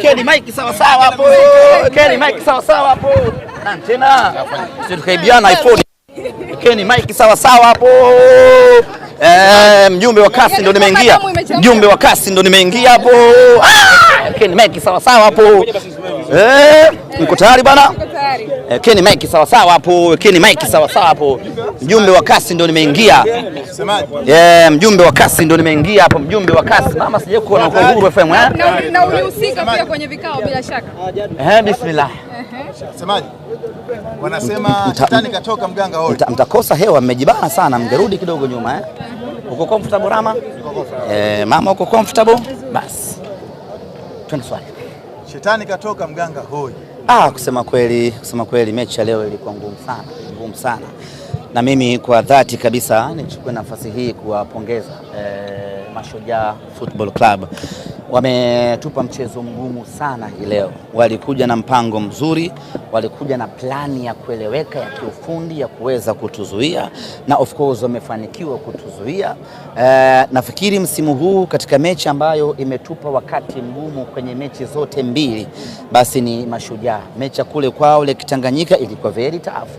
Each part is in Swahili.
keni Mike sawa sawa hapo. Mkeni Mike sawa sawa hapo. Na Sisi tukaibiana iPhone. Mkeni Mike sawa sawa hapo. Eh, mjumbe wa kasi ndo nimeingia. Mjumbe wa kasi ndo nimeingia hapo. Mkeni ah! Mike sawa sawa hapo. Eh, niko tayari bana. Eh, keni mike sawa sawa hapo, keni mike sawa sawa hapo. Mjumbe wa kasi ndo nimeingia. Yeah, mjumbe wa kasi ndo nimeingia hapo, mjumbe wa kasi. Mama sije kuona uko Uhuru FM eh? Na ulihusika pia kwenye vikao bila shaka. Eh, bismillah. Semaji. Wanasema shetani katoka mganga hoi. Mtakosa hewa, mmejibana sana, mgerudi kidogo nyuma eh. Uko comfortable Rama? Eh, mama uko comfortable? Basi. Twende swali. Shetani katoka mganga hoi. Ah, kusema kweli, kusema kweli mechi ya leo ilikuwa ngumu sana, ngumu sana. Na mimi kwa dhati kabisa nichukue nafasi hii kuwapongeza eh, Mashujaa Football Club Wametupa mchezo mgumu sana hii leo. Walikuja na mpango mzuri, walikuja na plani ya kueleweka ya kiufundi ya kuweza kutuzuia na of course wamefanikiwa kutuzuia. E, nafikiri msimu huu katika mechi ambayo imetupa wakati mgumu kwenye mechi zote mbili basi ni Mashujaa. Mechi ya kule kwao ile Kitanganyika ilikuwa very tough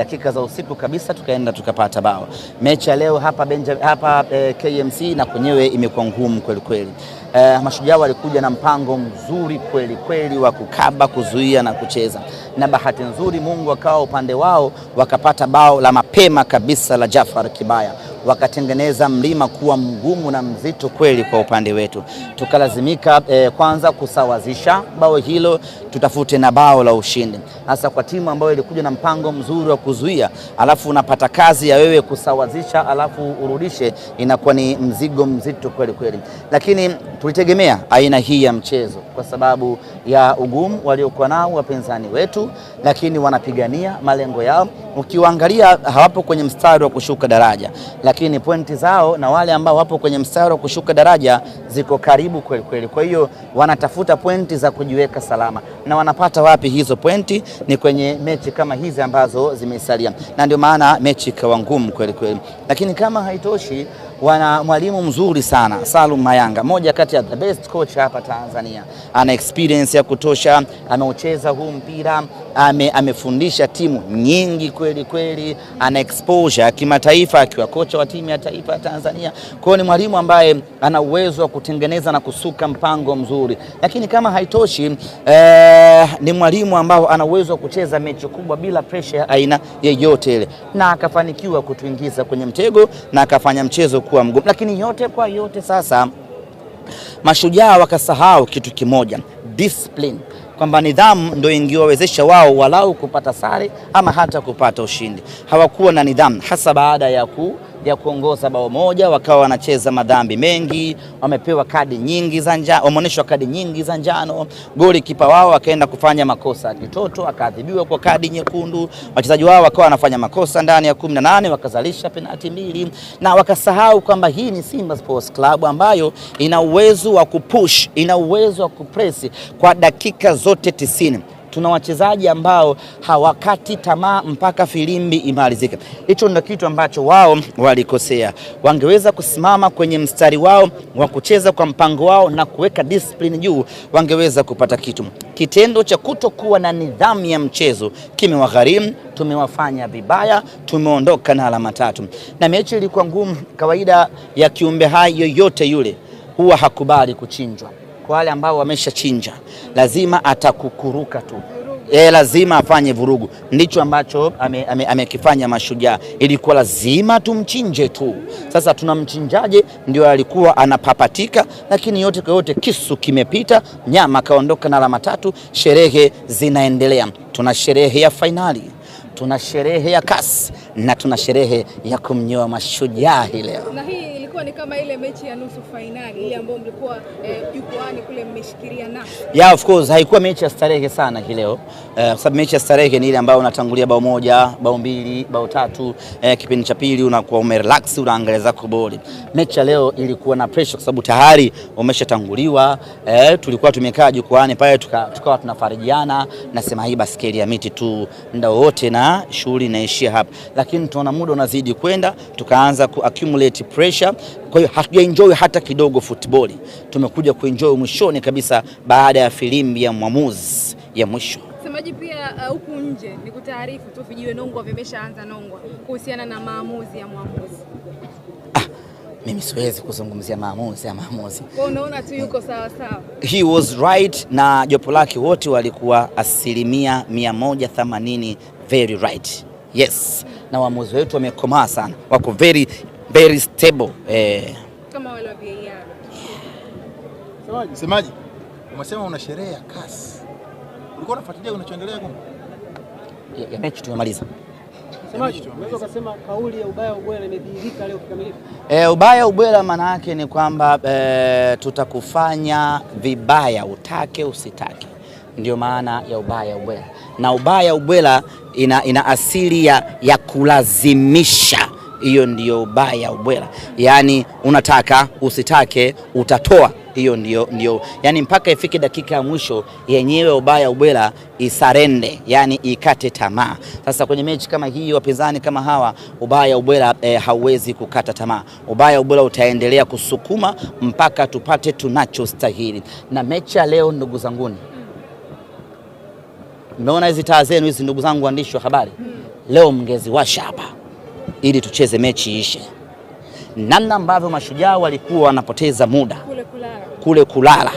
dakika za usiku kabisa tukaenda tukapata bao. Mechi ya leo hapa, Benja, hapa eh, KMC na kwenyewe imekuwa ngumu kweli kweli. Eh, Mashujaa walikuja na mpango mzuri kweli kweli wa kukaba, kuzuia na kucheza, na bahati nzuri Mungu akawa upande wao, wakapata bao la mapema kabisa la Jafar Kibaya wakatengeneza mlima kuwa mgumu na mzito kweli kwa upande wetu, tukalazimika eh, kwanza kusawazisha bao hilo, tutafute na bao la ushindi, hasa kwa timu ambayo ilikuja na mpango mzuri wa kuzuia, alafu unapata kazi ya wewe kusawazisha, alafu urudishe, inakuwa ni mzigo mzito kweli kweli, lakini Tulitegemea aina hii ya mchezo kwa sababu ya ugumu waliokuwa nao wapinzani wetu, lakini wanapigania malengo yao. Ukiwaangalia hawapo kwenye mstari wa kushuka daraja, lakini pointi zao na wale ambao wapo kwenye mstari wa kushuka daraja ziko karibu kweli kweli. Kwa hiyo wanatafuta pointi za kujiweka salama, na wanapata wapi hizo pointi? Ni kwenye mechi kama hizi ambazo zimesalia, na ndio maana mechi ikawa ngumu kweli kweli, lakini kama haitoshi wana mwalimu mzuri sana Salum Mayanga, moja kati ya the best coach hapa Tanzania. Ana experience ya kutosha, ameucheza huu mpira ame, amefundisha timu nyingi kweli kweli, ana exposure kimataifa akiwa kocha wa timu ya taifa ya Tanzania. Kwa hiyo ni mwalimu ambaye ana uwezo wa kutengeneza na kusuka mpango mzuri, lakini kama haitoshi eh, ni mwalimu ambao ana uwezo wa kucheza mechi kubwa bila pressure ya aina yeyote ile, na akafanikiwa kutuingiza kwenye mtego na akafanya mchezo kuwa mgumu, lakini yote kwa yote sasa Mashujaa wakasahau kitu kimoja, discipline kwamba nidhamu ndio ingiwawezesha wao walau kupata sare ama hata kupata ushindi. Hawakuwa na nidhamu hasa baada ya ku ya kuongoza bao moja, wakawa wanacheza madhambi mengi, wamepewa kadi nyingi za njano, wameonyeshwa kadi nyingi za njano. Goli kipa wao akaenda kufanya makosa ya kitoto, akaadhibiwa kwa kadi nyekundu. Wachezaji wao wakawa wanafanya makosa ndani ya kumi wakazalisha penati mbili, na wakasahau kwamba hii ni Simba Sports Club ambayo ina uwezo wa kupush, ina uwezo wa kupress kwa dakika zote tisini tuna wachezaji ambao hawakati tamaa mpaka filimbi imalizike. Hicho ndio kitu ambacho wao walikosea. Wangeweza kusimama kwenye mstari wao wa kucheza kwa mpango wao na kuweka discipline juu, wangeweza kupata kitu. Kitendo cha kutokuwa na nidhamu ya mchezo kimewagharimu, tumewafanya vibaya, tumeondoka na alama tatu, na mechi ilikuwa ngumu. Kawaida ya kiumbe hai yoyote yule huwa hakubali kuchinjwa kwa wale ambao wameshachinja, lazima atakukuruka tu E, lazima afanye vurugu. Ndicho ambacho amekifanya ame, ame Mashujaa, ilikuwa lazima tumchinje tu. Sasa tunamchinjaje? Ndio alikuwa anapapatika, lakini yote kwa yote kisu kimepita, nyama kaondoka na alama tatu. Sherehe zinaendelea, tuna sherehe ya fainali, tuna sherehe ya kasi na tuna sherehe ya kumnyoa Mashujaa hii leo ilikuwa ni kama ile mechi ya nusu fainali ile ambayo mlikuwa eh, jukwaani eh, kule mmeshikilia nafasi. Yeah, of course haikuwa mechi ya starehe sana kileo, eh, kwa uh, sababu mechi ya starehe ni ile ambayo unatangulia bao moja, bao mbili, bao tatu, eh, kipindi cha pili unakuwa umerelax, unaangalia zako boli. Mechi ya leo ilikuwa na pressure kwa sababu tayari umeshatanguliwa. Eh, tulikuwa tumekaa jukwaani pale tukawa tuka tunafarijiana, nasema hii baskeli ya miti tu muda wote na shughuli inaishia hapa, lakini tunaona muda unazidi kwenda, tukaanza ku accumulate pressure kwa hiyo hatujaenjoy hata kidogo football, tumekuja kuenjoy mwishoni kabisa baada ya filimbi ya mwamuzi ya mwisho. Semaji pia uh, huku uh, nje ni kutaarifu tu vijiwe Nongwa vimeshaanza Nongwa kuhusiana na maamuzi ya mwamuzi. Ah, mimi siwezi kuzungumzia maamuzi ya maamuzi. Kwa unaona tu yuko sawa sawa. He was right na jopo lake wote walikuwa asilimia 180 very right. Yes, na waamuzi wetu wamekomaa sana, wako very very stable eh. Kama wale wa VAR. Semaji, semaji. Umesema una sherehe ya kasi. Ulikuwa unafuatilia kinachoendelea huko? Ya mechi tumemaliza. Semaji, unaweza kusema kauli ya ubaya ubwela imedhihirika leo kikamilifu? Eh, ubaya ubwela maana yake ni kwamba eh, tutakufanya vibaya utake usitake. Ndio maana ya ubaya ubwela. Na ubaya ubwela ina, ina asili ya, ya kulazimisha hiyo ndiyo ubaya ubwela, yaani unataka usitake utatoa hiyo ndio, ndio yani, mpaka ifike dakika ya mwisho yenyewe ubaya ubwela isarende, yani ikate tamaa. Sasa kwenye mechi kama hii, wapinzani kama hawa, ubaya ubwela e, hauwezi kukata tamaa. Ubaya ubwela utaendelea kusukuma mpaka tupate tunachostahili. Na mechi ya leo, ndugu zanguni, mmeona hizi taa zenu hizi, ndugu zangu waandishi wa habari, leo mngeziwasha hapa ili tucheze mechi ishe. Namna ambavyo mashujaa walikuwa wanapoteza muda kule kulala, kule kulala.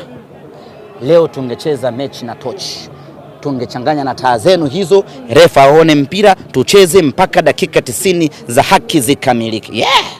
Leo tungecheza mechi na tochi, tungechanganya na taa zenu hizo, refa aone mpira, tucheze mpaka dakika tisini za haki zikamilike, yeah!